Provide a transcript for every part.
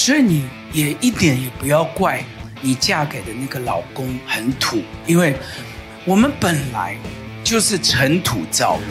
所以你也一點也不要怪你嫁給的那個老公很土，因為我們本來就是塵土造物。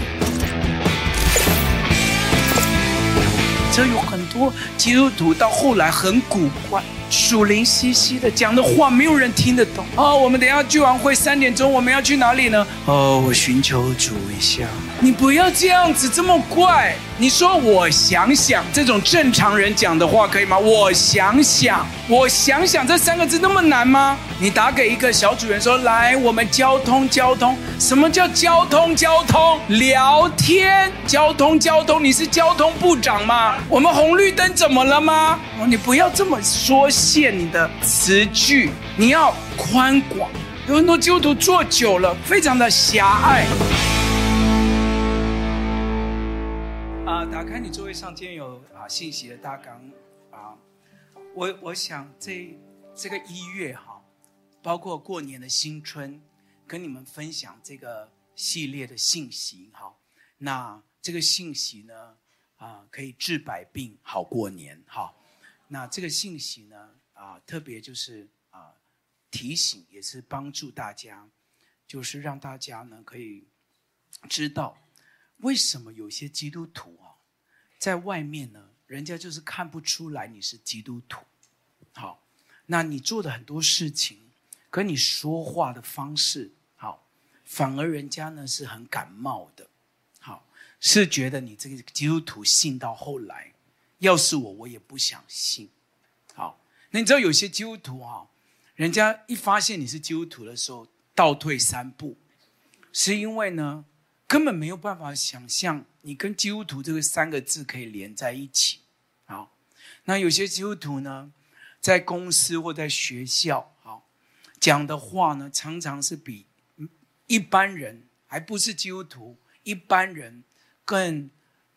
這有很多基督徒到後來很古怪，屬靈兮兮的講的話沒有人聽得懂。哦，我們等下聚完會三點鐘我們要去哪裡呢？哦，我尋求主一下。你不要這樣子這麼怪，你說我想想，這種正常人講的話可以嗎？我想想，我想想這三個字那麼難嗎？你打給一個小組員說，來，我們交通交通，什麼叫交通交通？聊天。交通交通，你是交通部長嗎？我們紅綠燈怎麼了嗎？哦，你不要這麼縮限你的詞句，你要寬廣。有很多基督徒做久了，非常的狹隘。啊，打開你座位上今天有啊信息的大綱啊，我我想這這個一月哈、啊，包括過年的新春，跟你們分享這個系列的信息哈。那這個信息呢啊，可以治百病，好過年哈。那這個信息呢啊，特別就是啊提醒，也是幫助大家，就是讓大家呢可以知道為什麼有些基督徒啊。在外面呢，人家就是看不出來你是基督徒，好，那你做的很多事情，跟你說話的方式，好，反而人家呢是很感冒的，好，是覺得你這個基督徒信到後來，要是我我也不想信，好，那你知道有些基督徒哈、啊，人家一發現你是基督徒的時候倒退三步，是因為呢？根本沒有辦法想象，你跟基督徒這個三個字可以連在一起，啊，那有些基督徒呢，在公司或在學校，啊，講的話呢，常常是比一般人，還不是基督徒，一般人更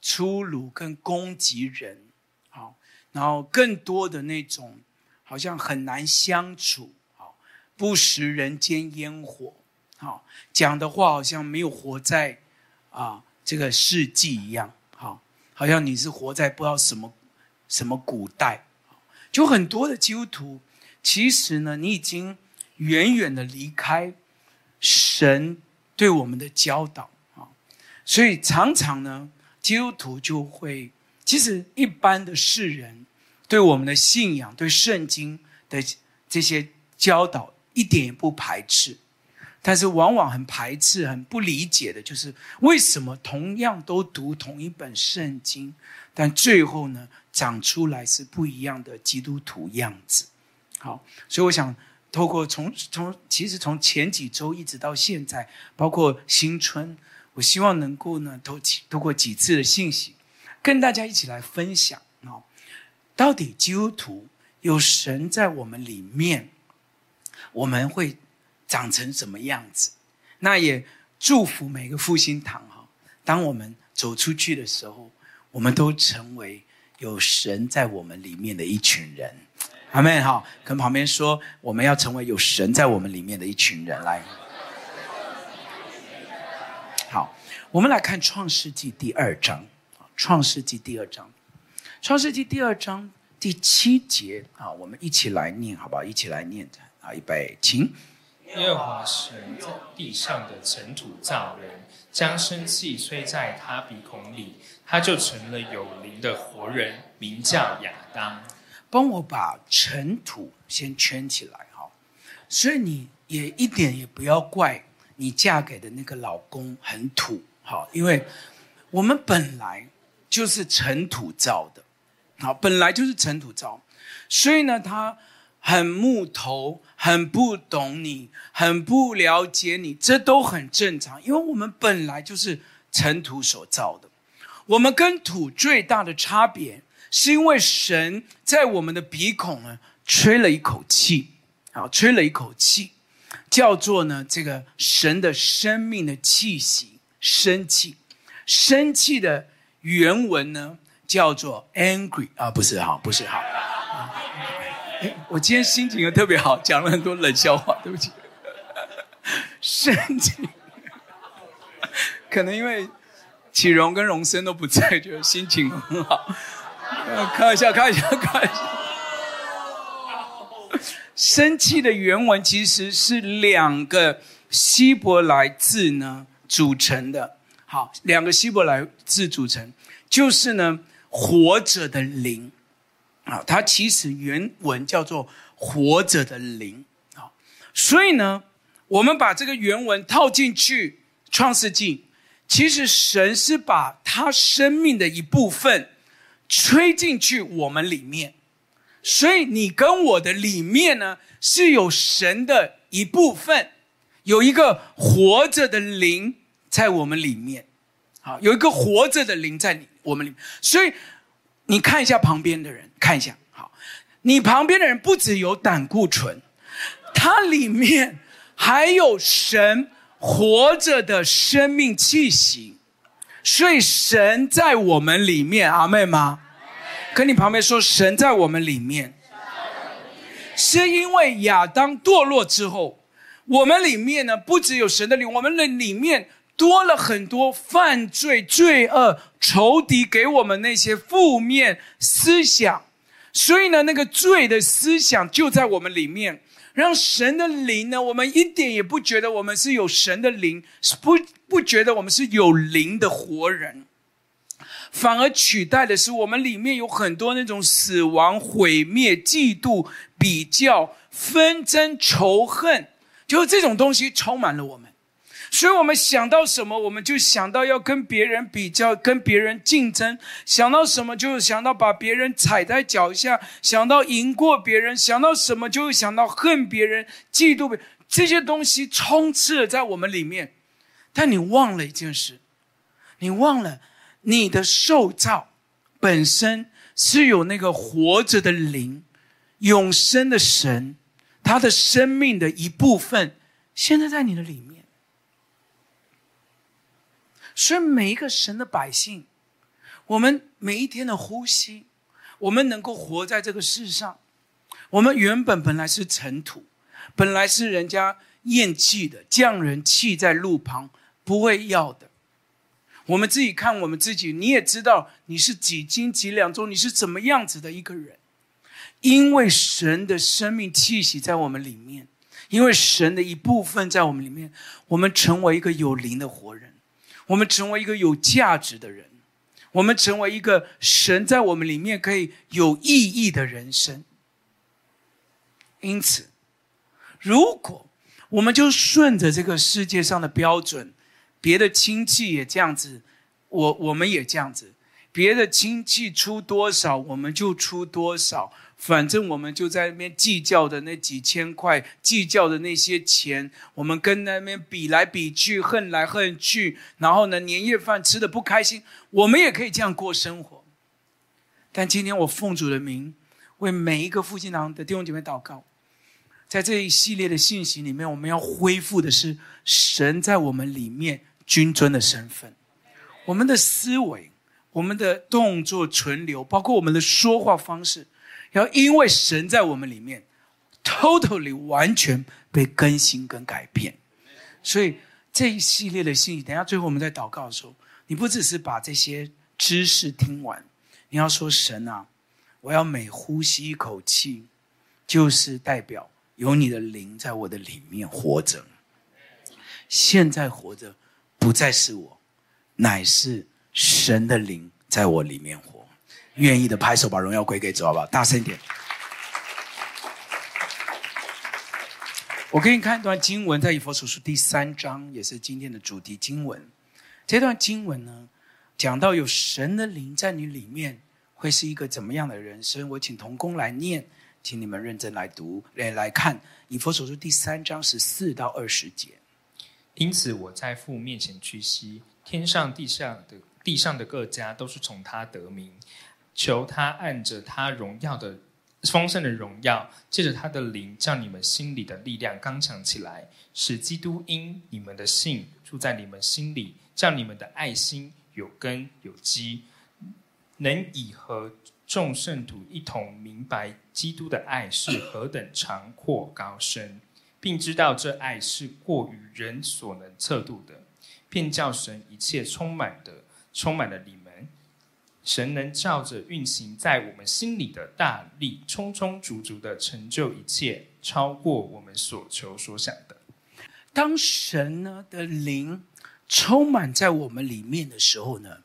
粗魯、更攻擊人，啊，然後更多的那種好像很難相處，啊，不食人間煙火。好講的話，好像沒有活在啊這個世紀一樣，好，好像你是活在不知道什麼什麼古代，就很多的基督徒，其實呢，你已經遠遠的離開神對我們的教導啊，所以常常呢，基督徒就會，其實一般的世人對我們的信仰、對聖經的這些教導一點也不排斥。但是往往很排斥、很不理解的，就是為什麼同樣都讀同一本聖經，但最後呢長出來是不一樣的基督徒樣子。好，所以我想透過從從其實從前幾周一直到現在，包括新春，我希望能夠呢透過透過幾次的信息，跟大家一起來分享啊，到底基督徒有神在我們裡面，我們會。長成什麼樣子？那也祝福每個復興堂哈。當我們走出去的時候，我們都成為有神在我們裡面的一群人。阿們哈，跟旁邊說，我們要成為有神在我們裡面的一群人。來，好，我們來看創世紀第二章《創世紀》第二章。《創世紀》第二章，《創世紀》第二章第七節啊，我們一起來念，好不好？一起來念啊，預備，請。耶和華神在地上的塵土造人，將生氣吹在他鼻孔裡，他就成了有靈的活人，名叫亞當。幫我把塵土先圈起來，哈。所以你也一點也不要怪你嫁給的那個老公很土，哈。因為我們本來就是塵土造的，好，本來就是塵土造，所以呢，他。很木頭，很不懂你，很不了解你，這都很正常。因為我們本來就是塵土所造的，我們跟土最大的差別，是因為神在我們的鼻孔呢吹了一口氣，啊，吹了一口氣，叫做呢這個神的生命的氣息，生氣，生氣的原文呢叫做 angry 啊，不是哈，不是哈。我今天心情又特別好，講了很多冷笑話，對不起。生氣，可能因為啟榮跟榮生都不在，覺得心情很好。看一下，看一下，看一下。生氣的原文其實是兩個希伯來字呢組成的，好，兩個希伯來字組成，就是呢，活着的靈。啊，它其實原文叫做“活着的靈”啊，所以呢，我們把這個原文套進去《創世記》，其實神是把他生命的一部分吹進去我們裡面，所以你跟我的裡面呢，是有神的一部分，有一個活着的靈在我們裡面，啊，有一個活着的靈在我們裡面，所以你看一下旁邊的人。看一下，好，你旁邊的人不只有膽固醇，他裡面還有神活着的生命氣息，所以神在我們裡面，阿們嗎？跟你旁邊說，神在我們裡面，是因為亞當墮落之後，我們裡面呢，不只有神的靈，我們的裡面多了很多犯罪、罪惡、仇敵給我們那些負面思想。所以呢，那個罪的思想就在我們裡面，讓神的靈呢，我們一點也不覺得我們是有神的靈，是不不覺得我們是有靈的活人，反而取代的是我們裡面有很多那種死亡、毀滅、嫉妒、比較、紛爭、仇恨，就這種東西充滿了我們。所以，我們想到什麼，我們就想到要跟別人比較，跟別人競爭；想到什麼，就想到把別人踩在腳下；想到贏過別人，想到什麼，就會想到恨別人、嫉妒別人。這些東西充斥在我們裡面，但你忘了一件事：你忘了你的受造本身是有那個活着的靈、永生的神，他的生命的一部分，現在在你的裡面。所以，每一個神的百姓，我們每一天的呼吸，我們能夠活在這個世上，我們原本本來是塵土，本來是人家厭棄的，匠人棄在路旁，不會要的。我們自己看我們自己，你也知道你是幾斤幾兩重，你是怎麼樣子的一個人。因為神的生命氣息在我們裡面，因為神的一部分在我們裡面，我們成為一個有靈的活人。我們成為一個有價值的人，我們成為一個神在我們裡面可以有意義的人生。因此，如果我們就順着這個世界上的標準，別的親戚也這樣子，我我們也這樣子，別的親戚出多少，我們就出多少。反正我們就在那邊計較的那幾千塊，計較的那些錢，我們跟那邊比來比去，恨來恨去，然後呢，年夜飯吃的不開心，我們也可以這樣過生活。但今天我奉主的名，為每一個復興堂的弟兄姐妹禱告，在這一系列的信息裡面，我們要恢復的是神在我們裡面君尊的身份，我們的思維，我們的動作存留，包括我們的說話方式。要因為神在我們裡面，totally 完全被更新跟改變，所以這一系列的信息，等下最後我們在禱告的時候，你不只是把這些知識聽完，你要說神啊，我要每呼吸一口氣，就是代表有你的靈在我的裡面活着，現在活着不再是我，乃是神的靈在我裡面活着。願意的拍手，把榮耀歸給主，好不好？大聲一點！ 我給你看一段經文，在以弗所書第三章，也是今天的主題經文。這段經文呢，講到有神的靈在你裡面，會是一個怎麼樣的人生？我請同工來念，請你們認真來讀來來看以弗所書第三章十四到二十節。因此，我在父面前屈膝，天上地上的地上的各家，都是從他得名。求他按着他榮耀的豐盛的榮耀，借着他的靈，叫你們心裡的力量剛強起來，使基督因你們的信住在你們心裡，叫你們的愛心有根有基，能以和眾聖徒一同明白基督的愛是何等長闊高深，並知道這愛是過於人所能測度的，便叫神一切充滿的、充滿了靈。神能照着運行在我們心裡的大力，充充足足的成就一切，超過我們所求所想的。當神呢的靈充滿在我們裡面的時候呢，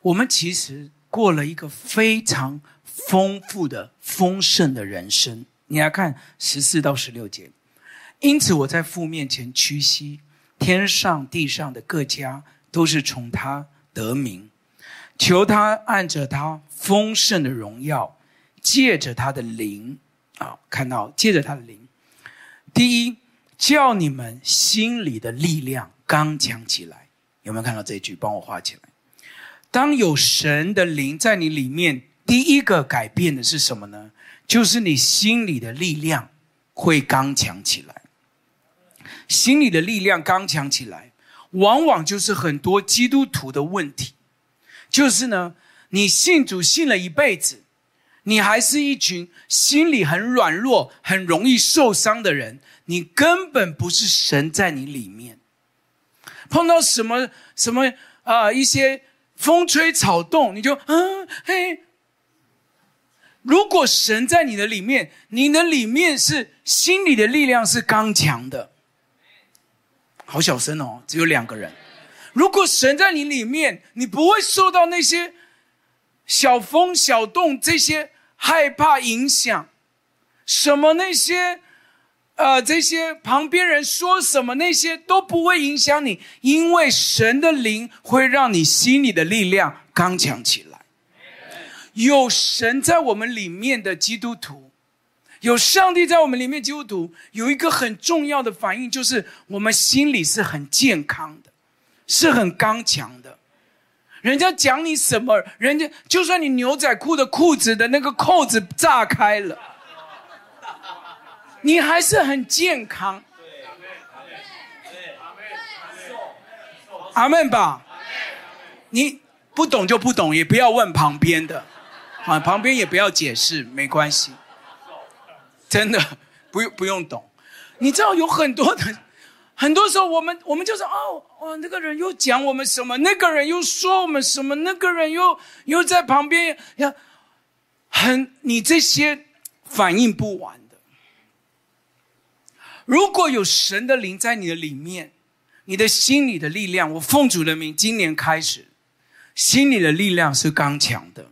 我們其實過了一個非常豐富的、豐盛的人生。你來看十四到十六節，因此我在父面前屈膝，天上地上的各家都是從他得名。求他按着他豐盛的榮耀，借着他的靈，啊、哦，看到借着他的靈，第一叫你們心裡的力量剛強起來。有沒有看到這一句？幫我畫起來。當有神的靈在你裡面，第一個改變的是什麼呢？就是你心裡的力量會剛強起來。心裡的力量剛強起來，往往就是很多基督徒的問題。就是呢，你信主信了一輩子，你還是一群心裡很軟弱、很容易受傷的人。你根本不是神在你裡面。碰到什麼什麼啊、呃，一些風吹草動，你就嗯嘿。如果神在你的裡面，你的裡面是心裡的力量是剛強的。好小聲哦，只有兩個人。如果神在你裡面，你不會受到那些小風小動這些害怕影響，什麼那些，呃，這些旁邊人說什麼那些都不會影響你，因為神的靈會讓你心裡的力量剛強起來。有神在我們裡面的基督徒，有上帝在我們裡面基督徒，有一個很重要的反應，就是我們心裡是很健康。是很剛強的，人家講你什麼？人家就算你牛仔褲的褲子的那個扣子炸開了，你還是很健康。阿門吧。你不懂就不懂，也不要問旁邊的，啊，旁邊也不要解釋，沒關係。真的，不用不用懂。你知道有很多的。很多時候，我們我們就說哦：“哦，那個人又講我們什麼？那個人又說我們什麼？那個人又又在旁邊呀，很你這些反應不完的。如果有神的靈在你的裡面，你的心裡的力量，我奉主的名，今年開始，心裡的力量是剛強的，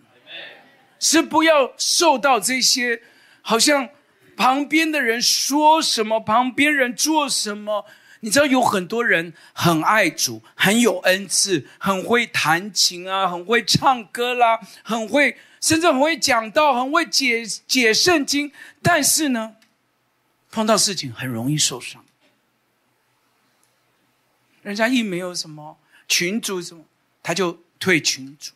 是不要受到這些，好像旁邊的人說什麼，旁邊人做什麼。”你知道有很多人很愛主，很有恩賜，很會彈琴啊，很會唱歌啦、啊，很會，甚至很會講道，很會解解聖經。但是呢，碰到事情很容易受傷。人家一沒有什麼群主什麼，他就退群主。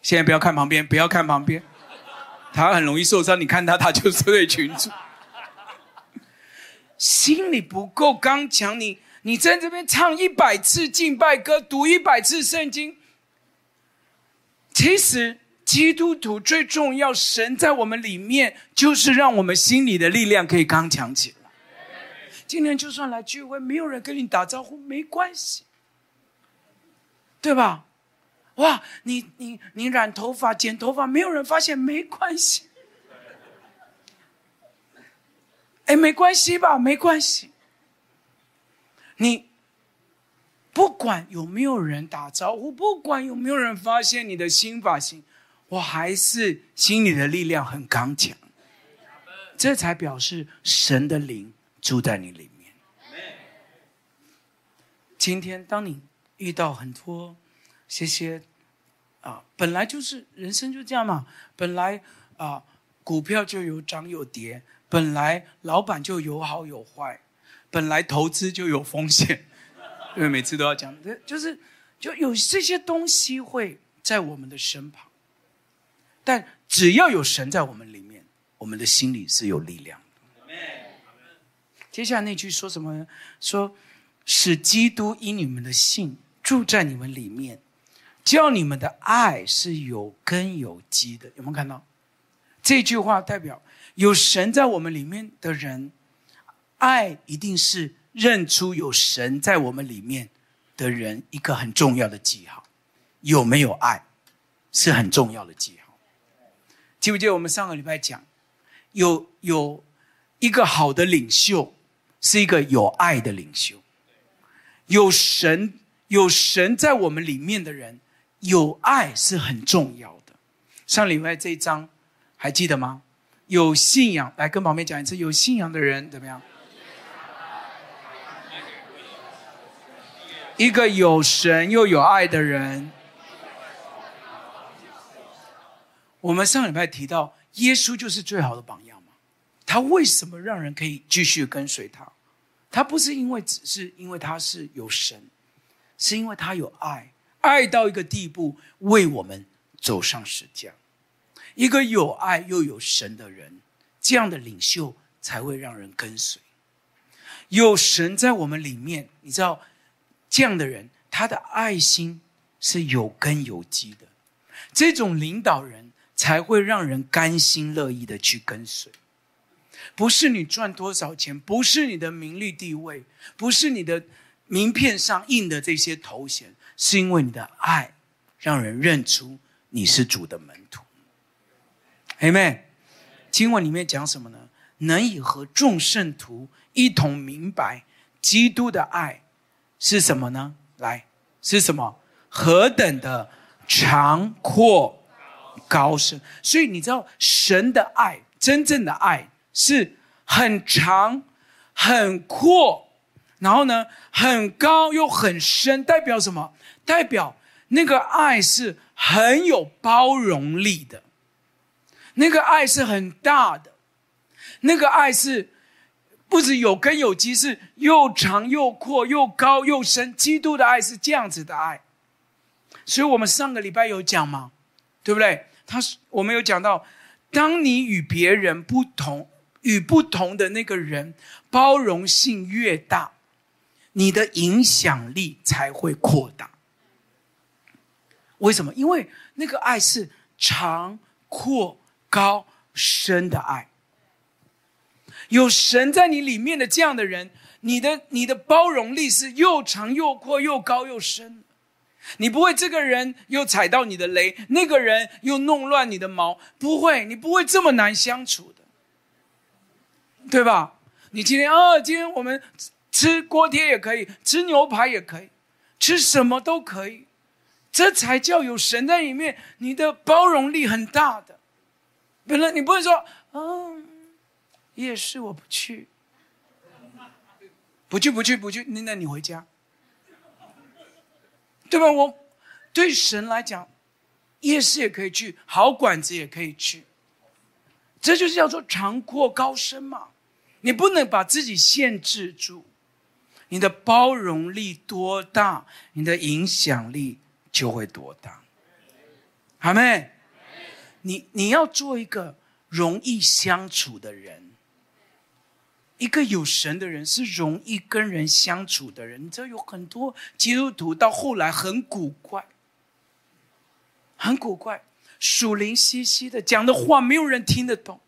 現在不要看旁邊，不要看旁邊，他很容易受傷。你看他，他就是退群主。心裡不夠剛強，你你在這邊唱一百次敬拜歌，讀一百次聖經。其實基督徒最重要，神在我們裡面，就是讓我們心裡的力量可以剛強起來。今天就算來聚會，沒有人跟你打招呼，沒關係。對吧？哇，你你你染頭髮、剪頭髮，沒有人發現，沒關係。哎，沒關係吧，沒關係。你不管有沒有人打招呼，不管有沒有人發現你的新髮型，我還是心裡的力量很剛強。白這才表示神的靈住在你裡面。白今天當你遇到很多謝謝。啊，本來就是人生就這樣嘛，本來啊，股票就有漲有跌。本來老闆就有好有壞，本來投資就有風險，因為每次都要講，就是就有這些東西會在我們的身旁，但只要有神在我們裡面，我們的心裡是有力量的。Amen. 接下來那句說什麼？說，使基督因你們的信住在你們裡面，叫你們的愛是有根有基的。有沒有看到？這句話代表有神在我們裡面的人，愛一定是認出有神在我們裡面的人一個很重要的記號。有沒有愛，是很重要的記號。記不記得我們上個禮拜講，有有一個好的領袖，是一個有愛的領袖。有神有神在我們裡面的人，有愛是很重要的。上禮拜這一章。還記得嗎？有信仰，來跟旁邊講一次。有信仰的人怎麼樣？一個有神又有愛的人。我們上禮拜提到，耶穌就是最好的榜樣嘛。他為什麼讓人可以繼續跟隨他？他不是因為只是因為他是有神，是因為他有愛，愛到一個地步，為我們走上十字架。一個有愛又有神的人，這樣的領袖才會讓人跟隨。有神在我們裡面，你知道，這樣的人，他的愛心是有根有基的。這種領導人才會讓人甘心樂意的去跟隨。不是你賺多少錢，不是你的名利地位，不是你的名片上印的這些頭銜，是因為你的愛，讓人認出你是主的門徒。阿門，經文裡面講什麼呢？能以和眾聖徒一同明白基督的愛是什麼呢？來，是什麼？何等的長闊高深！所以你知道，神的愛，真正的愛，是很長、很闊，然後呢，很高又很深。代表什麼？代表那個愛是很有包容力的。那個愛是很大的，那個愛是不止有根有基，是又長又闊又高又深。基督的愛是這樣子的愛，所以我們上個禮拜有講嘛，對不對？他我們有講到，當你與別人不同，與不同的那個人包容性越大，你的影響力才會擴大。為什麼？因為那個愛是長闊。高深的愛，有神在你裡面的這樣的人，你的你的包容力是又長又闊又高又深的，你不會這個人又踩到你的雷，那個人又弄亂你的毛，不會，你不會這麼難相處的，對吧？你今天，呃、哦，今天我們吃鍋貼也可以，吃牛排也可以，吃什麼都可以，這才叫有神在裡面，你的包容力很大的。可能你不會說，嗯、哦，夜市我不去，不去，不去，不去。那那你回家，對吧？我對神來講，夜市也可以去，好館子也可以去。這就是叫做長闊高深嘛。你不能把自己限制住，你的包容力多大，你的影響力就會多大。好沒？你你要做一個容易相處的人，一個有神的人是容易跟人相處的人。你知道有很多基督徒到後來很古怪，很古怪，屬靈兮兮的，講的話沒有人聽得懂，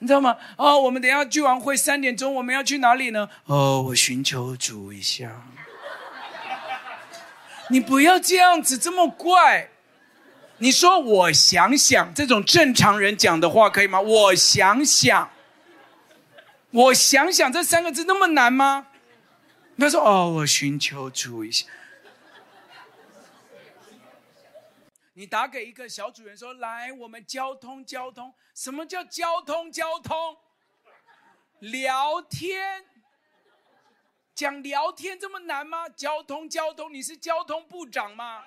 你知道嗎？哦，我們等一下聚完會三點鐘，我們要去哪裡呢？哦，我尋求主一下。 你不要這樣子這麼怪。你說我想想這種正常人講的話可以嗎？我想想，我想想這三個字那麼難嗎？他說哦，我尋求主一下。你打給一個小組員說來，我們交通交通，什麼叫交通交通？聊天，講聊天這麼難嗎？交通交通，你是交通部長嗎？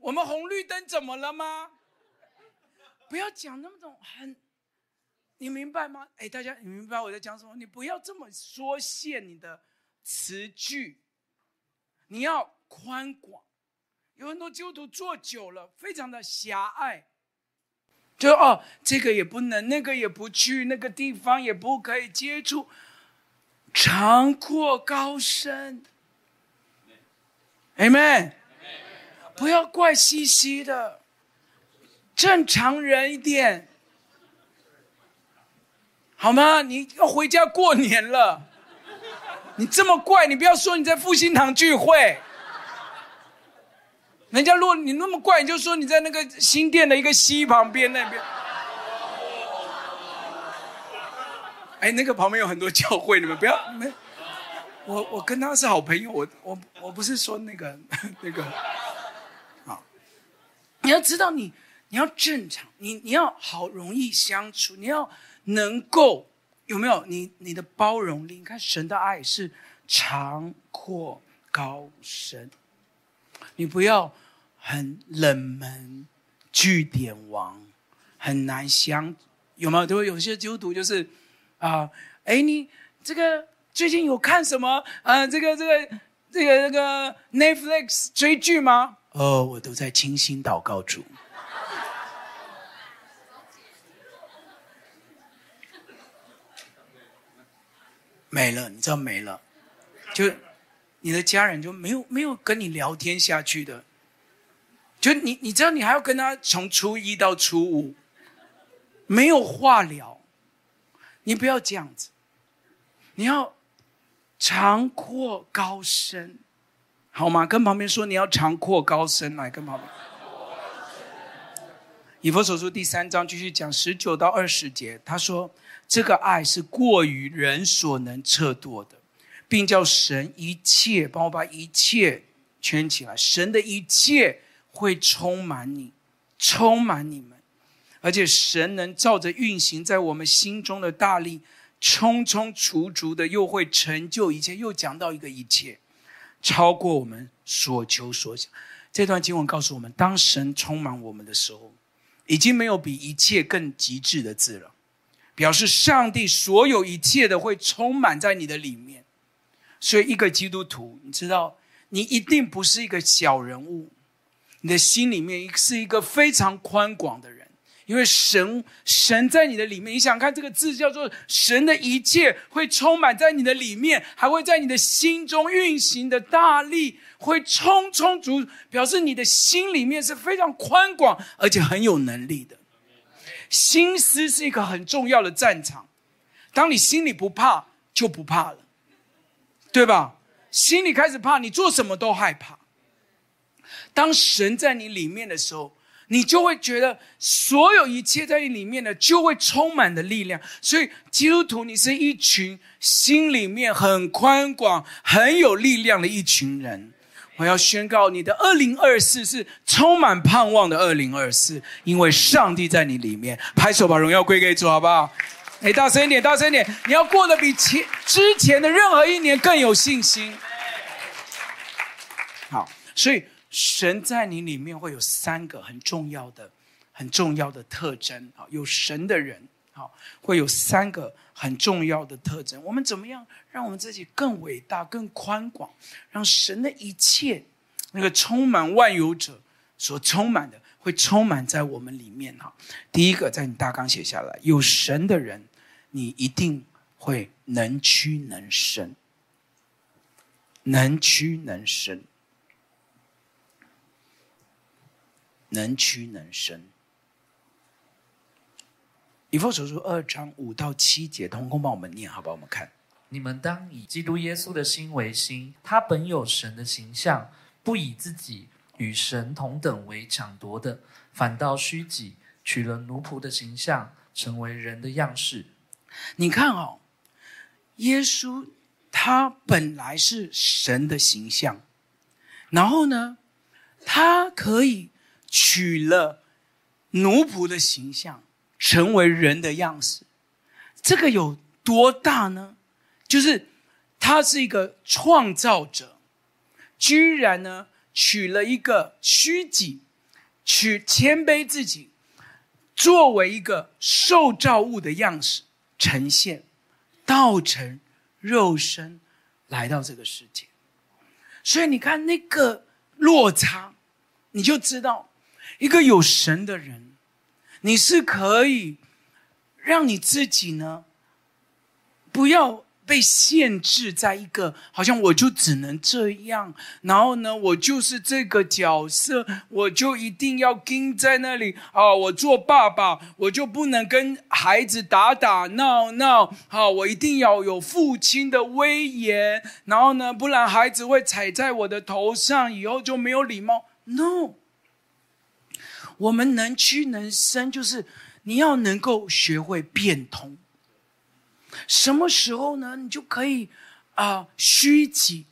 我們紅綠燈怎麼了嗎？不要講那麼多很，你明白嗎？哎，大家你明白我在講什麼？你不要這麼縮限你的詞句，你要寬廣。有很多基督徒做久了，非常的狹隘，就哦，這個也不能，那個也不去，那個地方也不可以接觸，長闊高深。Amen。不要怪兮兮的，正常人一點，好嗎？你要回家過年了，你這麼怪，你不要說你在復興堂聚會。人家如果你那麼怪，你就說你在那個新店的一個西旁邊那邊。哎，那個旁邊有很多教會，你們不要沒。我我跟他是好朋友，我我我不是說那個那個。你要知道你，你你要正常，你你要好容易相處，你要能夠有沒有？你你的包容力，你看神的愛是長闊高深。你不要很冷門，句點王很難相，有沒有？對吧？有些基督徒，就是啊，哎、呃欸，你這個最近有看什麼？呃，這個這個這個這、那個 Netflix 追劇嗎？哦，我都在傾心禱告主。沒了，你知道沒了，就你的家人就沒有沒有跟你聊天下去的。就你你知道你還要跟他從初一到初五，沒有話聊，你不要這樣子，你要長闊高深。好嗎？跟旁邊說，你要長闊高深，來，跟旁邊。以弗所書第三章繼續講十九到二十節，他說：“這個愛是過於人所能測度的，並叫神一切，幫我把一切圈起來。神的一切會充滿你，充滿你們，而且神能照着運行在我們心中的大力，充充足足的又會成就一切。又講到一個一切。”超過我們所求所想，這段經文告訴我們：當神充滿我們的時候，已經沒有比一切更極致的字了。表示上帝所有一切的會充滿在你的裡面。所以，一個基督徒，你知道，你一定不是一個小人物，你的心裡面是一個非常寬廣的人。因為神神在你的裡面，你想看這個字叫做“神”的一切會充滿在你的裡面，還會在你的心中運行的大力會充充足，表示你的心裡面是非常寬廣而且很有能力的。心思是一個很重要的戰場，當你心裡不怕，就不怕了，對吧？心裡開始怕，你做什麼都害怕。當神在你裡面的時候。你就會覺得所有一切在你裡面呢，就會充滿的力量。所以基督徒，你是一群心裡面很寬廣、很有力量的一群人。我要宣告你的二零二四是充滿盼望的二零二四，因為上帝在你裡面。拍手，把榮耀歸給主，好不好？哎，大聲一點，大聲一點！你要過得比前之前的任何一年更有信心。好，所以。神在你裡面會有三個很重要的，很重要的特徵啊。有神的人啊，會有三個很重要的特徵。我們怎麼樣讓我們自己更偉大、更寬廣，讓神的一切那個充滿萬有者所充滿的，會充滿在我們裡面哈。第一個，在你大綱寫下來，有神的人，你一定會能屈能伸，能屈能伸。能屈能伸，《以弗所書二章五到七節》，通通幫我們念好吧，我們看。你們當以基督耶穌的心為心，他本有神的形象，不以自己與神同等為搶奪的，反倒虛己，取了奴僕的形象，成為人的樣式。你看哦，耶穌他本來是神的形象，然後呢，他可以。取了奴僕的形象，成為人的樣式，這個有多大呢？就是他是一個創造者，居然呢取了一個虛己，取謙卑自己，作為一個受造物的樣式呈現，道成肉身來到這個世界，所以你看那個落差，你就知道。一個有神的人，你是可以讓你自己呢，不要被限制在一個好像我就只能這樣，然後呢，我就是這個角色，我就一定要跟在那裡啊、哦，我做爸爸，我就不能跟孩子打打鬧鬧，好、no, no, 哦，我一定要有父親的威嚴，然後呢，不然孩子會踩在我的頭上，以後就沒有禮貌。No。我們能屈能伸，就是你要能夠學會變通。什麼時候呢？你就可以啊，虛己，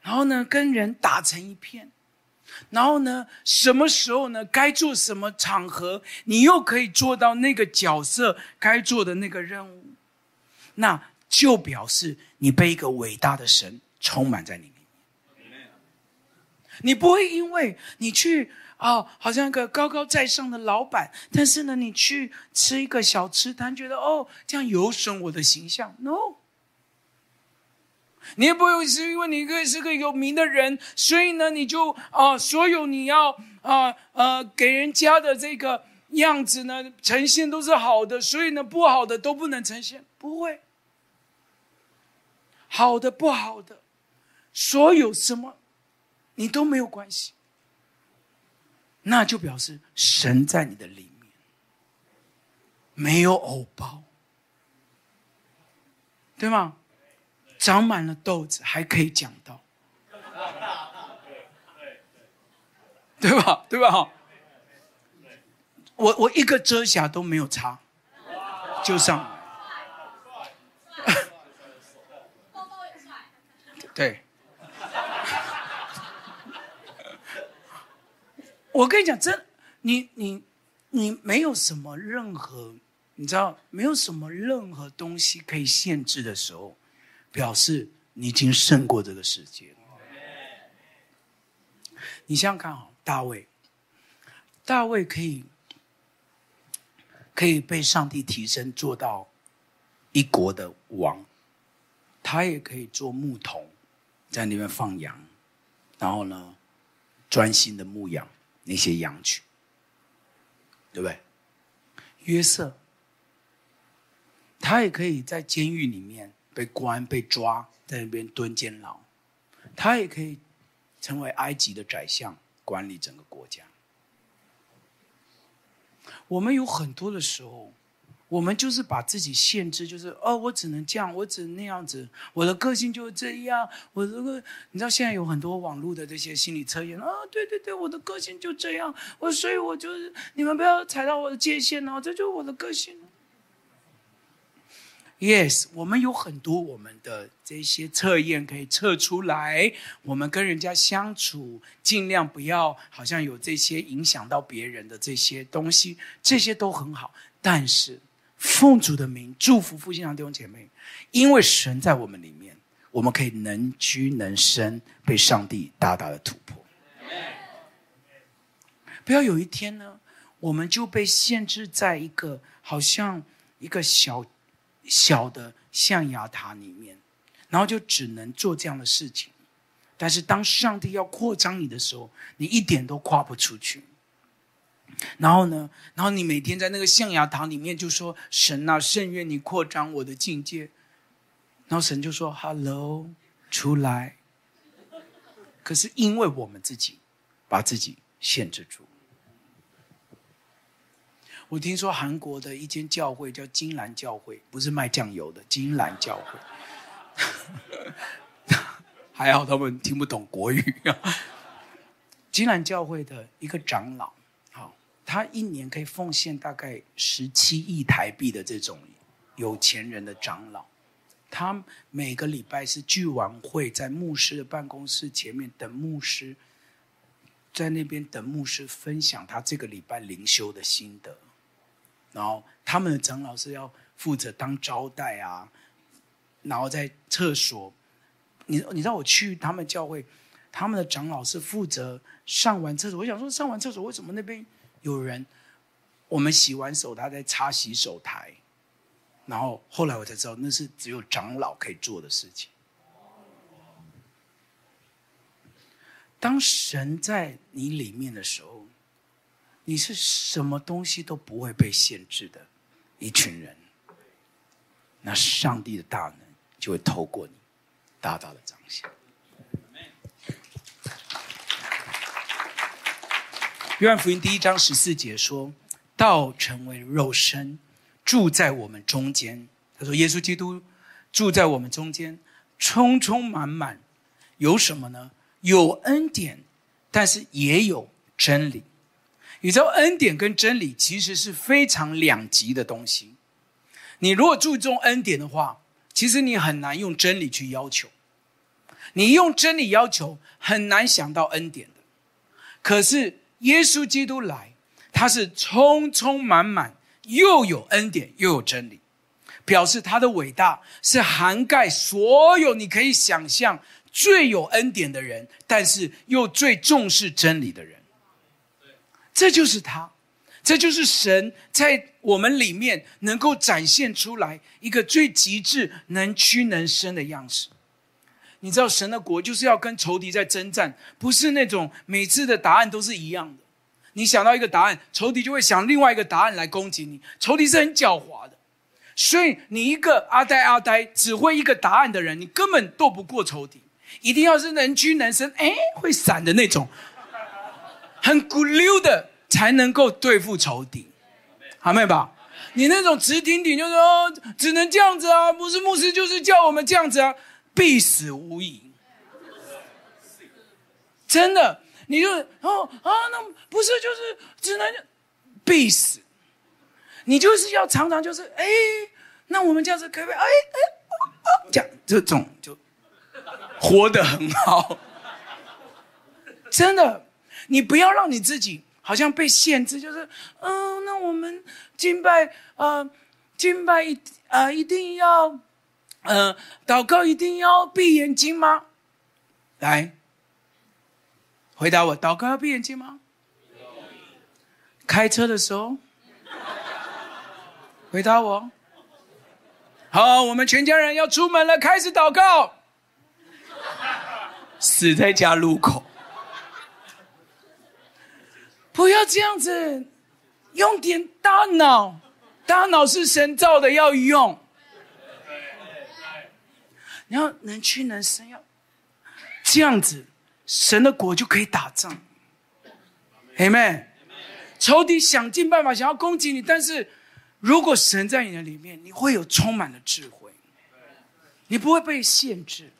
然後呢，跟人打成一片，然後呢，什麼時候呢？該做什麼場合，你又可以做到那個角色該做的那個任務，那就表示你被一個偉大的神充滿在裡面。你不會因為你去。哦，oh, 好像一個高高在上的老闆，但是呢，你去吃一個小吃攤覺得哦，這樣有損我的形象。No，你也不會是因為你可以是個有名的人，所以呢，你就啊、呃，所有你要啊呃、呃給人家的這個樣子呢，呈現都是好的，所以呢，不好的都不能呈現，不會，好的不好的，所有什麼你都沒有關係。那就表示神在你的裡面，沒有偶包，對嗎？對對，長滿了痘子還可以講道。對，對，對，對吧？對吧？對對，我我一個遮瑕都沒有擦，就上。對。我跟你講，真你你你沒有什麼任何，你知道，沒有什麼任何東西可以限制的時候，表示你已經勝過這個世界。你想想看哦，大衛，大衛可以可以被上帝提升做到一國的王，他也可以做牧童，在那邊放羊，然後呢，專心的牧羊。那些羊群，對不對？約瑟，他也可以在監獄裡面被關、被抓，在那邊蹲監牢；他也可以成為埃及的宰相，管理整個國家。我們有很多的時候。我們就是把自己限制，就是哦，我只能這樣，我只能那樣子，我的個性就這樣。我如果你知道，現在有很多網絡的這些心理測驗，啊，對對對，我的個性就這樣。我所以我就是，是你們不要踩到我的界限哦、啊，這就是我的個性。Yes，我們有很多我們的這些測驗可以測出來，我們跟人家相處盡量不要好像有這些影響到別人的這些東西，這些都很好，但是。奉主的名祝福復興堂弟兄姐妹，因為神在我們裡面，我們可以能屈能伸，被上帝大大的突破。不要有一天呢，我們就被限制在一個好像一個小小的象牙塔裡面，然後就只能做這樣的事情。但是當上帝要擴張你的時候，你一點都跨不出去。然後呢，然後你每天在那個象牙塔裡面就說：“神啊，甚願你擴張我的境界。”然後神就說：“Hello，出來。”可是因為我們自己把自己限制住。我聽說韓國的一間教會叫金蘭教會，不是賣醬油的金蘭教會。還好他們聽不懂國語啊。金蘭教會的一個長老，他一年可以奉獻大概十七億台幣的這種有錢人的長老，他每個禮拜是聚完會，在牧師的辦公室前面等牧師，在那邊等牧師分享他這個禮拜靈修的心得。然後他們的長老是要負責當招待啊，然後在廁所，你你知道我去他們教會，他們的長老是負責上完廁所。我想說上完廁所為什麼那邊？有人，我們洗完手，他在擦洗手台，然後後來我才知道，那是只有長老可以做的事情。當神在你裡面的時候，你是什麼東西都不會被限制的一群人，那上帝的大能就會透過你，大大的彰顯。約翰福音第一章十四節說：“道成為肉身，住在我們中間。”他說：“耶穌基督住在我們中間，充充滿滿，有什麼呢？有恩典，但是也有真理。你知道，恩典跟真理其實是非常兩極的東西。你如果注重恩典的話，其實你很難用真理去要求；你用真理要求，很難想到恩典的。可是。”耶穌基督來，他是充充滿滿，又有恩典，又有真理，表示他的偉大是涵蓋所有你可以想象最有恩典的人，但是又最重視真理的人。這就是他，這就是神在我們裡面能夠展現出來一個最極緻能屈能伸的樣式。你知道神的國就是要跟仇敵在征戰，不是那種每次的答案都是一樣的。你想到一個答案，仇敵就會想另外一個答案來攻擊你。仇敵是很狡猾的，所以你一個阿呆阿呆只會一個答案的人，你根本鬥不過仇敵。一定要是能屈能伸，哎，會閃的那種，很骨溜的，才能夠對付仇敵，好沒妹吧？妹你那種直挺挺就說、是哦，只能這樣子啊，不是牧師就是叫我們這樣子啊。必死無疑，真的，你就是、哦啊，那不是就是只能必死，你就是要常常就是哎，那我們這樣子可不可以？哎哎、哦哦，這樣這種就活得很好，真的，你不要讓你自己好像被限制，就是嗯，那我們敬拜啊、呃，敬拜一啊、呃、一定要。嗯、呃，禱告一定要閉眼睛嗎？來，回答我，禱告要閉眼睛嗎？開車的時候，回答我。好，我們全家人要出門了，開始禱告。死在家路口，不要這樣子，用點大腦，大腦是神造的，要用。你要能屈能伸，要這樣子，神的國，就可以打仗。阿們 Amen，Amen 仇敵想盡辦法想要攻擊你，但是如果神在你的裡面，你會有充滿了智慧，你不會被限制，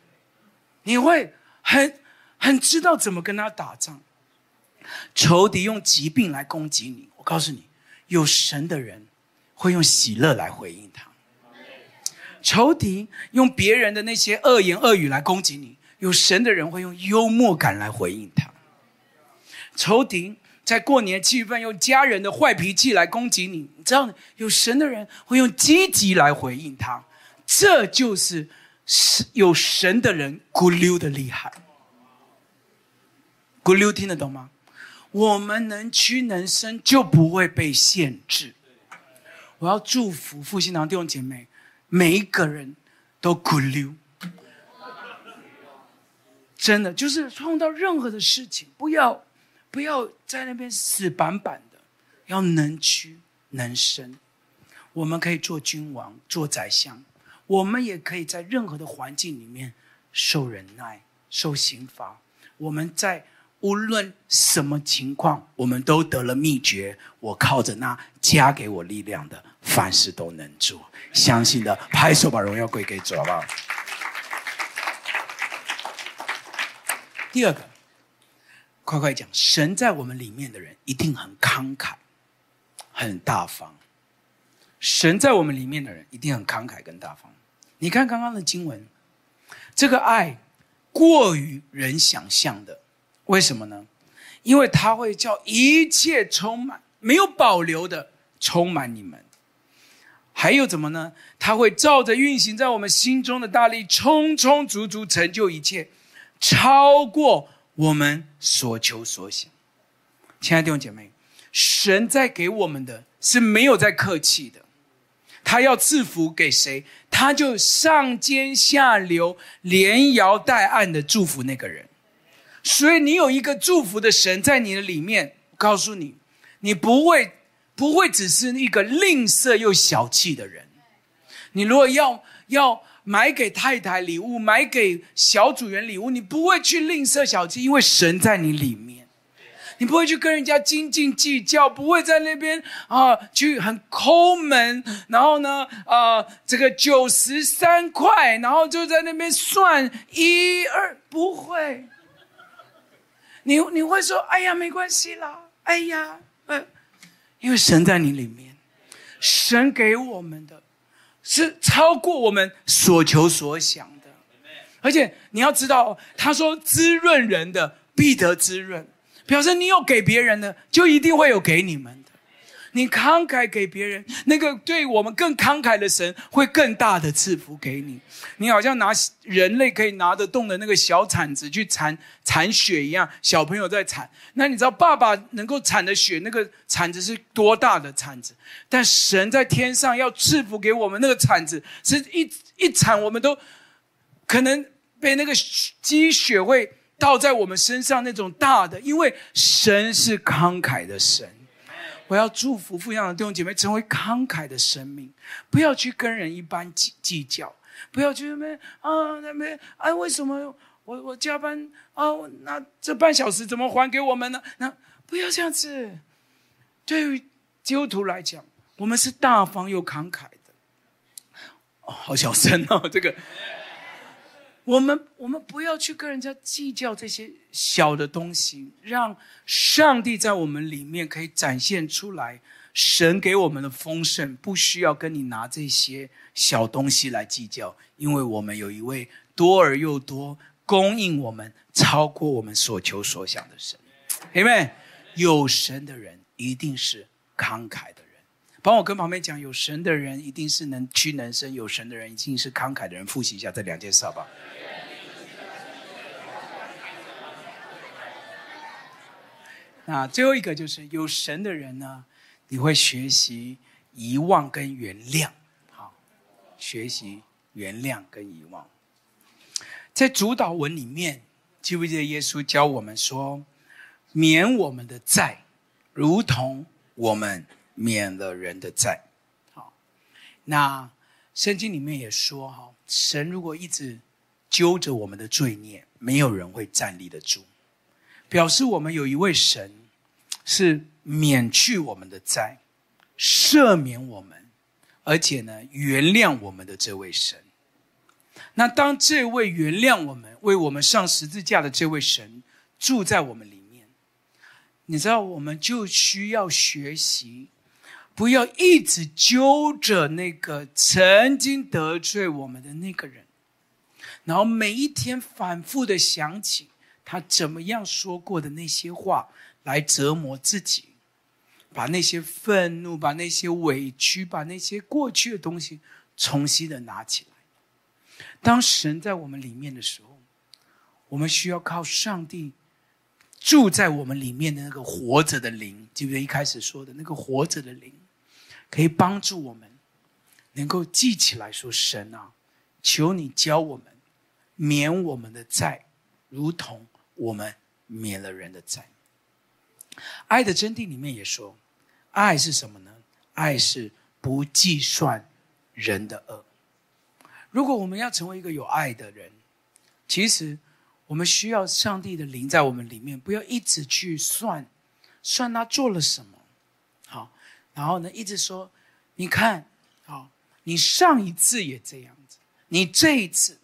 你會很很知道怎麼跟他打仗。仇敵用疾病來攻擊你，我告訴你，有神的人會用喜樂來回應他。仇敵用別人的那些惡言惡語來攻擊你，有神的人會用幽默感來回應他。仇敵在過年氣氛用家人的壞脾氣來攻擊你，這樣有神的人會用積極來回應他。這就是有神的人咕溜的厲害。咕溜聽得懂嗎？我們能屈能伸，就不會被限制。我要祝福復興堂弟兄姐妹。每一個人都滾溜，真的就是創造任何的事情，不要，不要在那邊死板板的，要能屈能伸。我們可以做君王，做宰相，我們也可以在任何的環境裡面受忍耐，受刑罰。我們在。無論什麼情況，我們都得了祕訣。我靠着那加給我力量的，凡事都能做。相信的，拍手把榮耀歸給主，好不好？第二個，快快講，神在我們裡面的人一定很慷慨，很大方。神在我們裡面的人一定很慷慨跟大方。你看剛剛的經文，這個愛過於人想象的。為什麼呢？因為他會叫一切充滿，沒有保留的充滿你們。還有怎麼呢？他會照着運行在我們心中的大力，充充足足成就一切，超過我們所求所想。親愛的弟兄姐妹，神在給我們的是沒有在客氣的，他要賜福給誰，他就上尖下流，連搖帶按的祝福那個人。所以你有一個祝福的神在你的裡面，告訴你，你不會不會只是一個吝嗇又小氣的人。你如果要要買給太太禮物，買給小組員禮物，你不會去吝嗇小氣，因為神在你裡面，你不會去跟人家斤斤計較，不會在那邊啊、呃、去很摳門，然後呢啊、呃、這個九十三塊，然後就在那邊算一二，不會。你你會說，哎呀，沒關係啦，哎呀，呃，因為神在你裡面，神給我們的，是超過我們所求所想的。而且你要知道，他說滋潤人的必得滋潤，表示你有給別人的，就一定會有給你們。你慷慨給別人，那個對我們更慷慨的神會更大的賜福給你。你好像拿人類可以拿得動的那個小鏟子去鏟鏟雪一樣，小朋友在鏟。那你知道爸爸能夠鏟的雪，那個鏟子是多大的鏟子？但神在天上要賜福給我們，那個鏟子是一一鏟，我們都可能被那個積雪會倒在我們身上那種大的，因為神是慷慨的神。我要祝福富養的弟兄姐妹成為慷慨的生命，不要去跟人一般計計較，不要去那啊，那哎，為什麼我我加班啊？那這半小時怎麼還給我們呢？那不要這樣子。對於基督徒來講，我們是大方又慷慨的。好小聲哦，這個。我們我們不要去跟人家計較這些小的東西，讓上帝在我們裡面可以展現出來。神給我們的豐盛，不需要跟你拿這些小東西來計較，因為我們有一位多而又多供應我們、超過我們所求所想的神。姐妹，有神的人一定是慷慨的。幫我跟旁邊講，有神的人一定是能屈能伸，有神的人一定是慷慨的人。複習一下這兩件事，好不好？那最後一個就是有神的人呢，你會學習遺忘跟原諒。好，學習原諒跟遺忘。在主禱文裡面，記不記得耶穌教我們說：“免我們的債，如同我們。”免了人的債，好。那聖經裡面也說，哈，神如果一直揪着我們的罪孽，沒有人會站立得住。表示我們有一位神是免去我們的債，赦免我們，而且呢，原諒我們的這位神。那當這位原諒我們、為我們上十字架的這位神住在我們裡面，你知道，我們就需要學習。不要一直揪着那個曾經得罪我們的那個人，然後每一天反覆的想起他怎麼樣說過的那些話來折磨自己，把那些憤怒、把那些委屈、把那些過去的東西重新的拿起來。當神在我們裡面的時候，我們需要靠上帝住在我們裡面的那個活着的靈，記不記得一開始說的那個活着的靈？可以幫助我們能夠記起來說神啊，求你教我們免我們的債，如同我們免了人的債。愛的真諦裡面也說，愛是什麼呢？愛是不計算人的惡。如果我們要成為一個有愛的人，其實我們需要上帝的靈在我們裡面，不要一直去算，算他做了什麼。然後呢，一直說，你看，好，你上一次也這樣子，你這一次，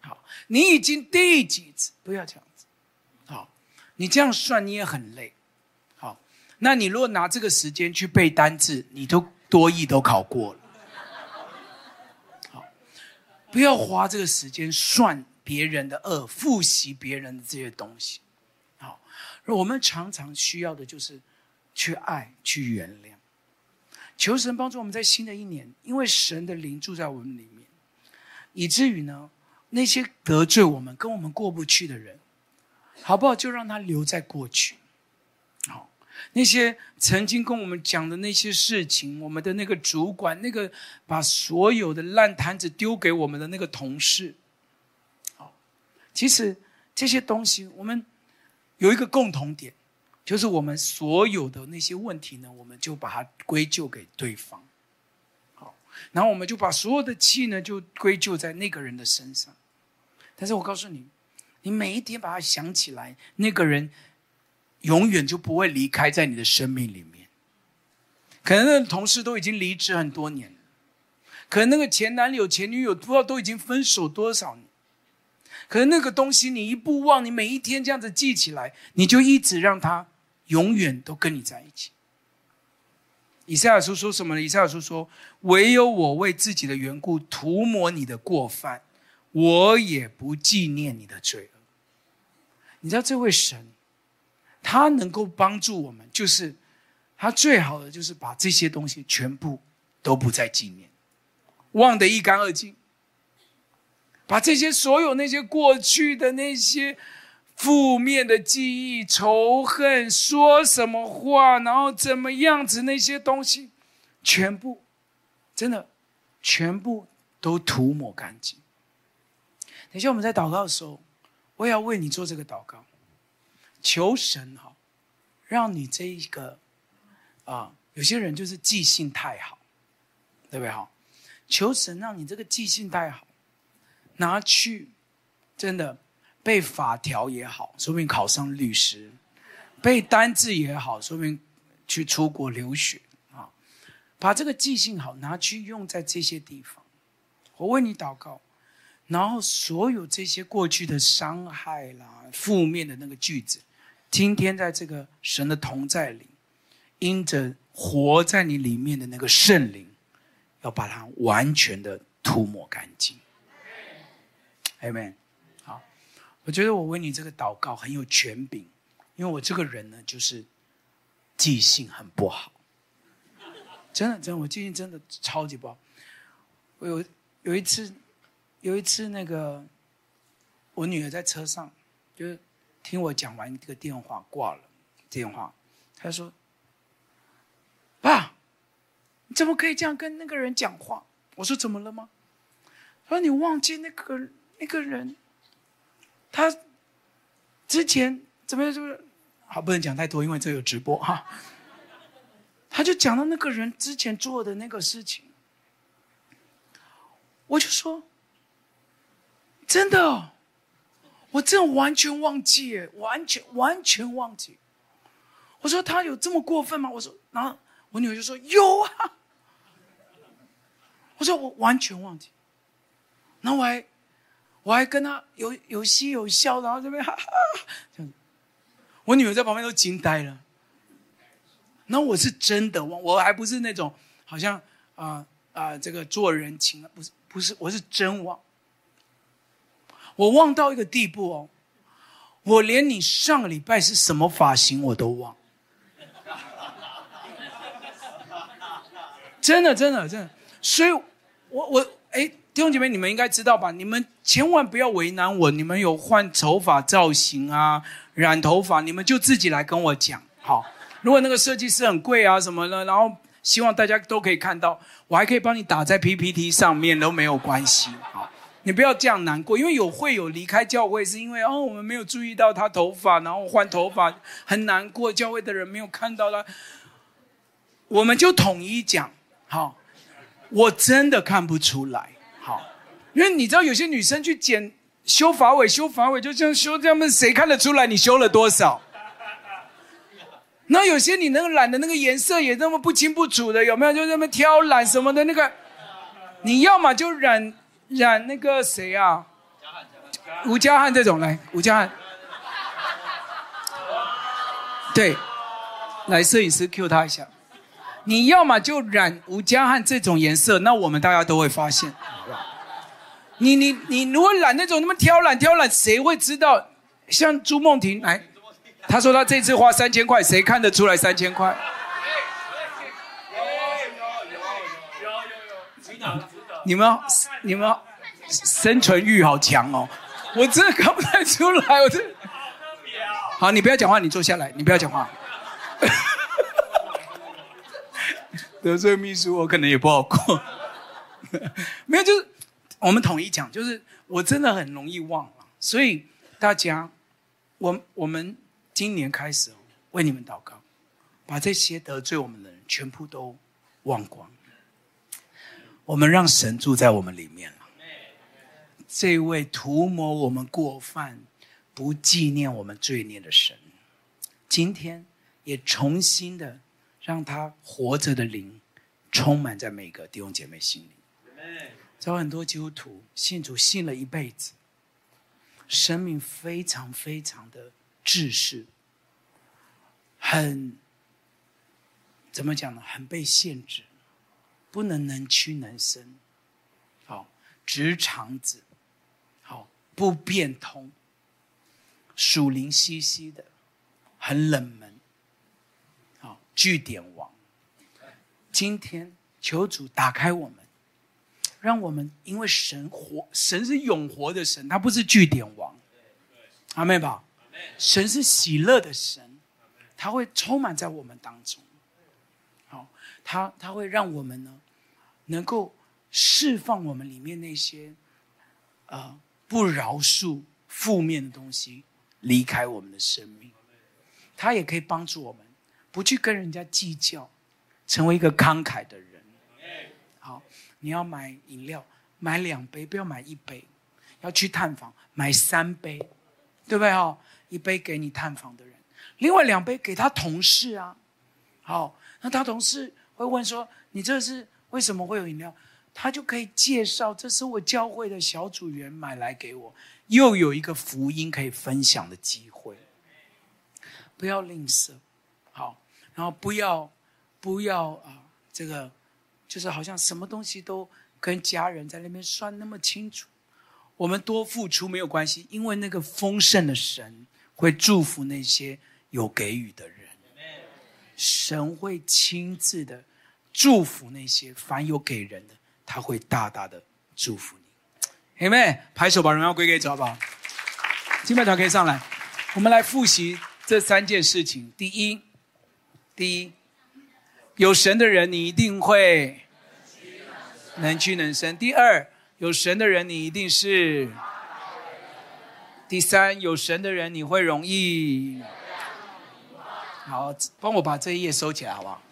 好，你已經第幾次？不要這樣子，好，你這樣算你也很累，好，那你如果拿這個時間去背單字，你都多益都考過了，好，不要花這個時間算別人的惡，複習別人的這些東西，好，而我們常常需要的就是去愛，去原諒。求神幫助我們在新的一年，因為神的靈住在我們裡面，以至於呢，那些得罪我們、跟我們過不去的人，好不好？就讓他留在過去。好，那些曾經跟我們講的那些事情，我們的那個主管，那個把所有的爛攤子丟給我們的那個同事，好，其實這些東西我們有一個共同點。就是我們所有的那些問題呢，我們就把它歸咎給對方。好，然後我們就把所有的氣呢，就歸咎在那個人的身上。但是我告訴你，你每一天把它想起來，那個人永遠就不會離開在你的生命裡面。可能那個同事都已經離職很多年了，可能那個前男友、前女友，不知道都已經分手多少年。可是那個東西，你一步忘，你每一天這樣子記起來，你就一直讓他，永遠都跟你在一起。以賽亞書說什麼呢？以賽亞書說：“唯有我為自己的緣故塗抹你的過犯，我也不紀念你的罪惡。”你知道這位神，他能夠幫助我們，就是他最好的，就是把這些東西全部都不再紀念，忘得一乾二淨，把這些所有那些過去的那些。負面的記憶、仇恨，說什麼話，然後怎麼樣子，那些東西，全部，真的，全部都塗抹乾淨。等下我們在禱告的時候，我也要為你做這個禱告，求神哈，讓你這一個，啊，有些人就是記性太好，對不對哈？求神讓你這個記性太好，拿去，真的。背法條也好，說不定考上律師；背單字也好，說不定去出國留學啊。把這個記性好拿去用在這些地方。我為你禱告，然後所有這些過去的傷害啦、負面的那個句子，今天在這個神的同在裡，因着活在你裡面的那個聖靈，要把它完全的塗抹乾淨。還阿門。我覺得我為你這個禱告很有權柄，因為我這個人呢，就是記性很不好，真的，真的，我記性真的超級不好。我有有一次，有一次那個我女兒在車上，就是聽我講完一個電話掛了電話，她說：“爸，你怎麼可以這樣跟那個人講話？”我說：“怎麼了嗎？”她說：“你忘記那個那個人。”他之前怎麼樣是不是？就是好，不能講太多，因為這有直播哈。他就講到那個人之前做的那個事情，我就說：“真的，我真的完全忘記，完全完全忘記。”我說：“他有這麼過分嗎？”我說：“然後我女兒就說有啊。”我說：“我完全忘記。”然後我還。我還跟他有有嘻有笑，然後這邊哈哈這樣子，我女兒在旁邊都驚呆了。那我是真的忘，我還不是那種好像啊啊、呃呃、這個做人情不是不是，我是真忘。我忘到一個地步哦，我連你上個禮拜是什麼髮型我都忘。真的真的真的，所以我我哎。弟兄姐妹，你們應該知道吧？你們千萬不要為難我。你們有換頭髮造型啊、染頭髮，你們就自己來跟我講。好，如果那個設計師很貴啊什麼的，然後希望大家都可以看到，我還可以幫你打在 PPT 上面都沒有關係。好，你不要這樣難過，因為有會有離開教會，是因為哦我們沒有注意到他頭髮，然後換頭髮很難過，教會的人沒有看到了。我們就統一講。好，我真的看不出來。好，因為你知道有些女生去剪修髮尾，修髮尾就這樣修，這樣子誰看得出來你修了多少？那有些你那個染的那個顏色也那麼不清不楚的，有沒有？就那麼挑染什麼的那個？你要麼就染染那個誰啊？吳家，家，家，家漢這種來，吳家漢。家家家對，哦、來攝影師 Q 他一下。你要嘛就染吳家翰這種顏色，那我們大家都會發現。你你你，如果染那種那麼挑染挑染，誰會知道？像朱夢婷來，她說她這次花三千塊，誰看得出來三千塊？你們你們生存欲好強哦，我真的看不太出來，我這。好，你不要講話，你坐下來，你不要講話。得罪秘書，我可能也不好過。 沒有，就是我們統一講，就是我真的很容易忘了，所以大家，我我們今年開始、哦、為你們禱告，把這些得罪我們的人全部都忘光，我們讓神住在我們裡面了。這位塗抹我們過犯、不紀念我們罪孽的神，今天也重新的。讓他活着的靈充滿在每個弟兄姐妹心裡。在很多基督徒信主信了一輩子，生命非常非常的窒息，很怎麼講呢？很被限制，不能能屈能伸，好直腸子，好不變通，屬靈兮兮的，很冷門。據點王，今天求主打開我們，讓我們因為神活，神是永活的神，他不是據點王。阿們吧。神是喜樂的神，他會充滿在我們當中。好，他他會讓我們呢，能夠釋放我們裡面那些、呃、不饒恕、負面的東西離開我們的生命。他也可以幫助我們。不去跟人家計較，成為一個慷慨的人。好，你要買飲料，買兩杯，不要買一杯。要去探訪，買三杯，對不對哦？哈，一杯給你探訪的人，另外兩杯給他同事啊。好，那他同事會問說：“你這是為什麼會有飲料？”他就可以介紹：“這是我教會的小組員買來給我，又有一個福音可以分享的機會。”不要吝嗇。好，然後不要，不要啊，這個就是好像什麼東西都跟家人在那邊算那麼清楚。我們多付出沒有關係，因為那個豐盛的神會祝福那些有給予的人。神會親自的祝福那些凡有給人的，他會大大的祝福你。阿們，拍手把榮耀歸給主，好不好？敬拜團可以上來，我們來複習這三件事情。第一。第一，有神的人，你一定會能屈能伸。第二，有神的人，你一定是。第三，有神的人，你會容易。好，幫我把這一頁收起來，好不好？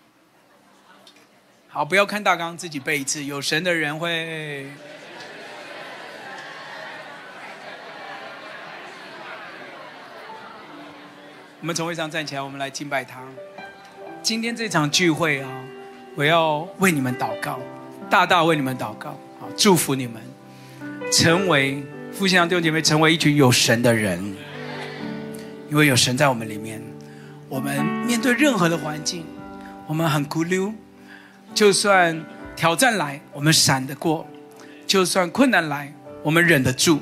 好，不要看大綱，自己背一次。有神的人會。我們從會上站起來，我們來敬拜他。今天這場聚會啊，我要為你們禱告，大大為你們禱告，祝福你們成為豐收堂弟兄姐妹，成為一群有神的人。因為有神在我們裡面，我們面對任何的環境，我們很酷溜。就算挑戰來，我們閃得過；就算困難來，我們忍得住；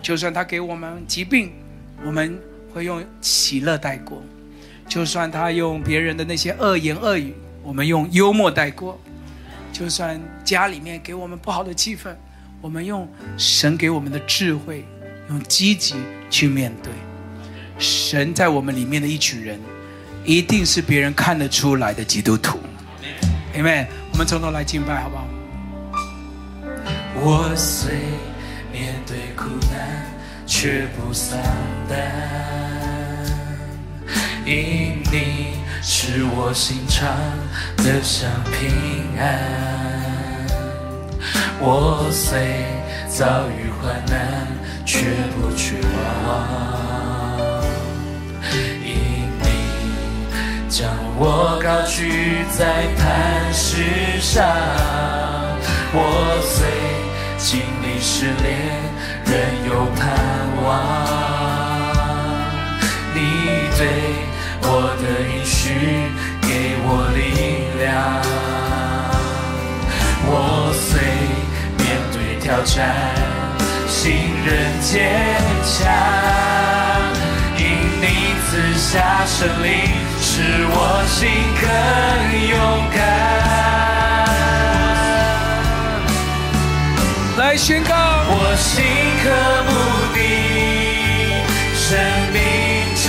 就算他給我們疾病，我們會用喜樂帶過。就算他用別人的那些惡言惡語，我們用幽默帶過；就算家裡面給我們不好的氣氛，我們用神給我們的智慧，用積極去面對。神在我們裡面的一群人，一定是別人看得出來的基督徒。姐妹，我們從頭來敬拜好不好？我雖面對苦難，卻不喪膽。因你使我心常得享平安，我雖遭遇患難，卻不絕望。因你將我高舉在磐石上，我雖經歷試煉仍有盼望。你對我的應許給我力量，我雖面對挑戰，信任堅強。因你賜下神力，使我心更勇敢。來宣告，我心可無敵，生命就。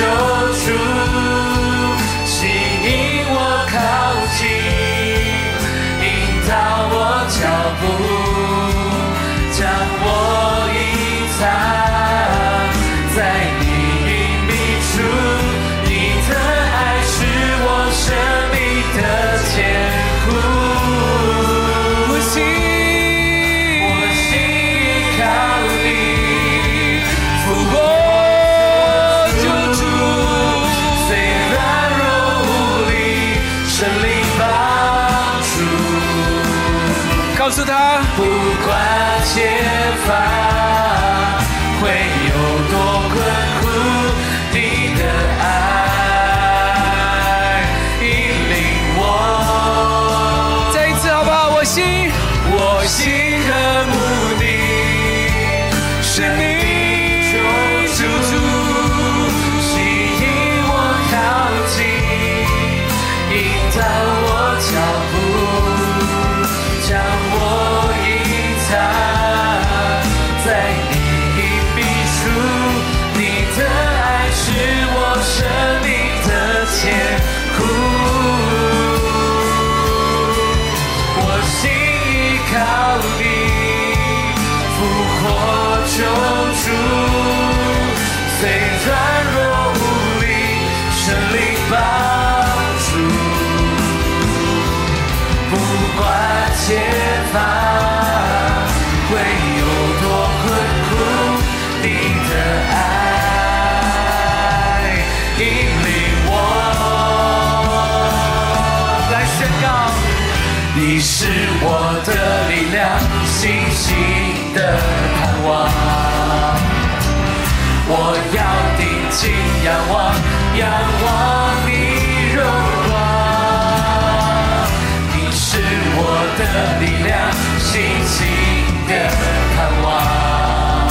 仰望你榮光，你是我的力量，星星的盼望，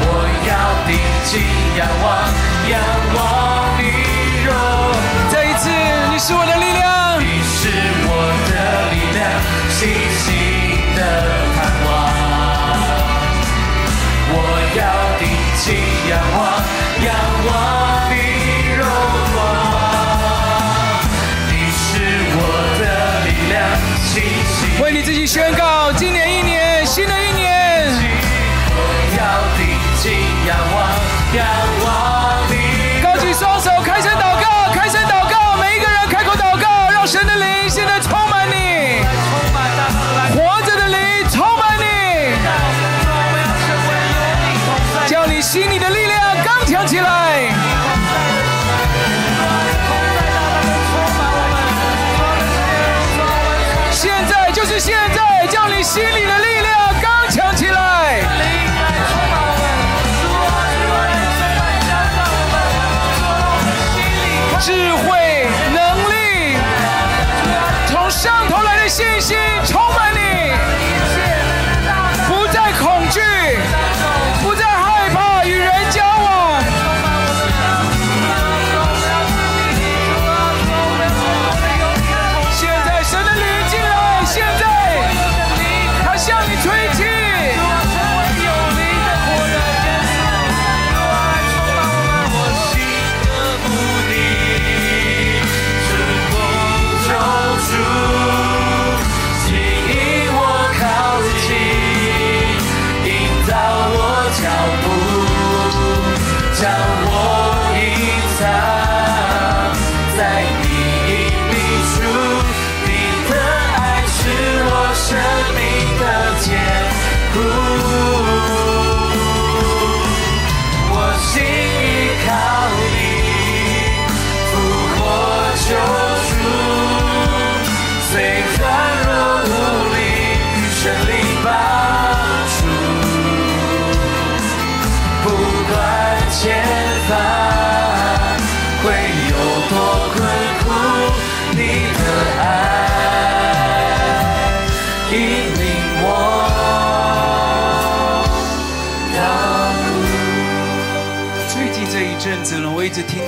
我要定睛仰望。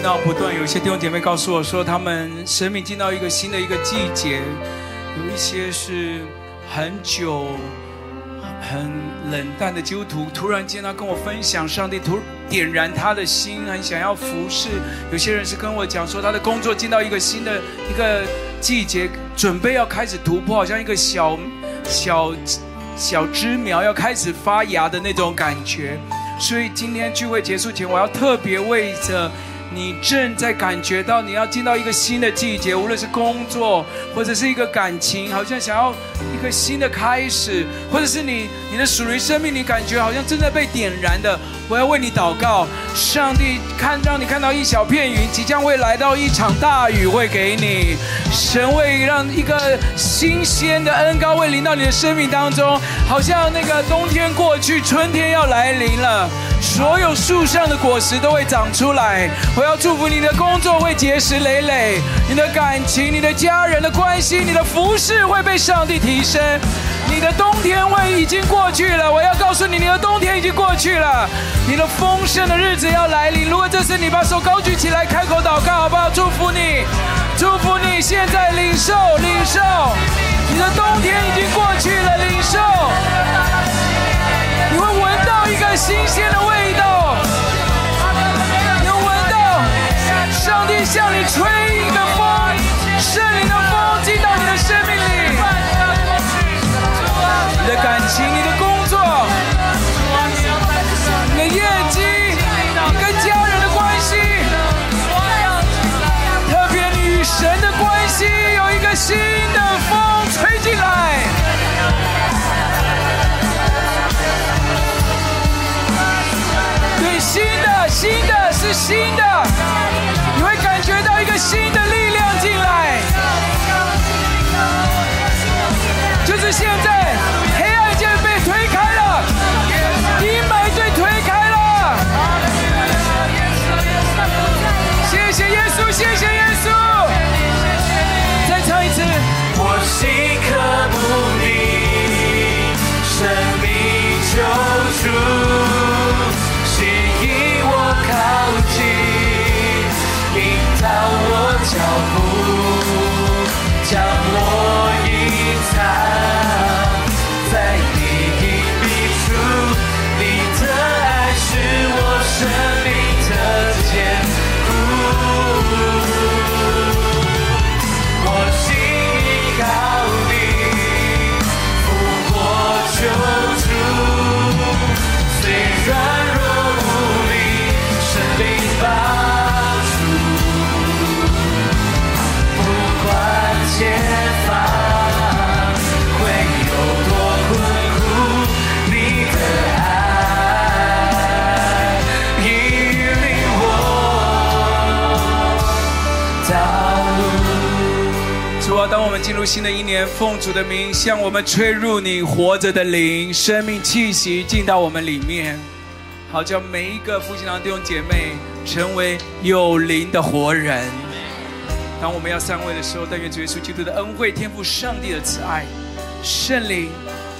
那不斷有一些弟兄姐妹告訴我說，他們生命進到一個新的一個季節，有一些是很久很冷淡的基督徒，突然間他跟我分享，上帝突點燃他的心，很想要服侍。有些人是跟我講說，他的工作進到一個新的一個季節，準備要開始突破，好像一個小小小枝苗要開始發芽的那種感覺。所以今天聚會結束前，我要特別為着。你正在感覺到你要進到一個新的季節，無論是工作或者是一個感情，好像想要一個新的開始，或者是你你的屬於生命，你感覺好像正在被點燃的。我要為你禱告，上帝看讓你看到一小片雲，即將會來到一場大雨，會給你神會讓一個新鮮的恩膏會淋到你的生命當中，好像那個冬天過去，春天要來臨了，所有樹上的果實都會長出來。我要祝福你的工作會結實累累，你的感情、你的家人的關係、你的服事會被上帝提升。你，你的冬天已經過去了，我要告訴你，你的冬天已經過去了，你的豐盛的日子要來臨。如果這次你把手高舉起來，開口禱告，好不好？祝福你，祝福你，現在領受，領受，你的冬天已經過去了，領受，你會聞到一個新鮮的味道。進入新的一年，奉主的名向我們吹入你活着的靈、生命氣息進到我們裡面，好叫每一個復興堂弟兄姐妹成為有靈的活人。當我們要散會的時候，但願主耶穌基督的恩惠、天父上帝的慈愛、聖靈、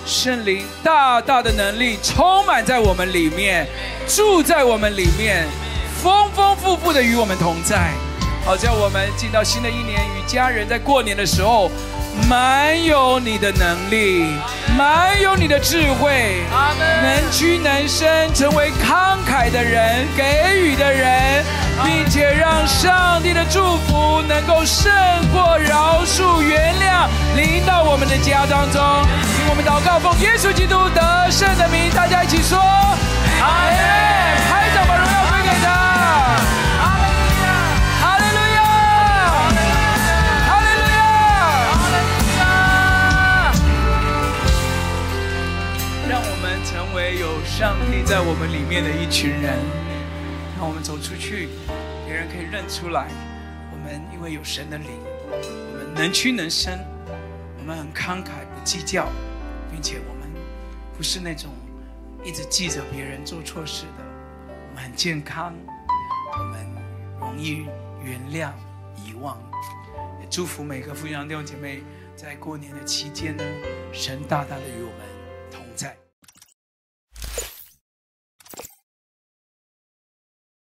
聖靈大大的能力充滿在我們裡面，住在我們裡面，豐豐富富的與我們同在。好，在我們進到新的一年，與家人在過年的時候，滿有你的能力，滿有你的智慧，能屈能伸，成為慷慨的人，給予的人，並且讓上帝的祝福能夠勝過饒恕、原諒，臨到我們的家當中。聽我們禱告，奉耶穌基督得勝的名，大家一起說：阿門！拍掌吧！在我們裡面的一群人，讓我們走出去，別人可以認出來。我們因為有神的靈，我們能屈能伸，我們很慷慨不計較，並且我們不是那種一直記着別人做錯事的。我們很健康，我們容易原諒、遺忘。也祝福每個復興堂弟兄姐妹，在過年的期間呢，神大大的與我們。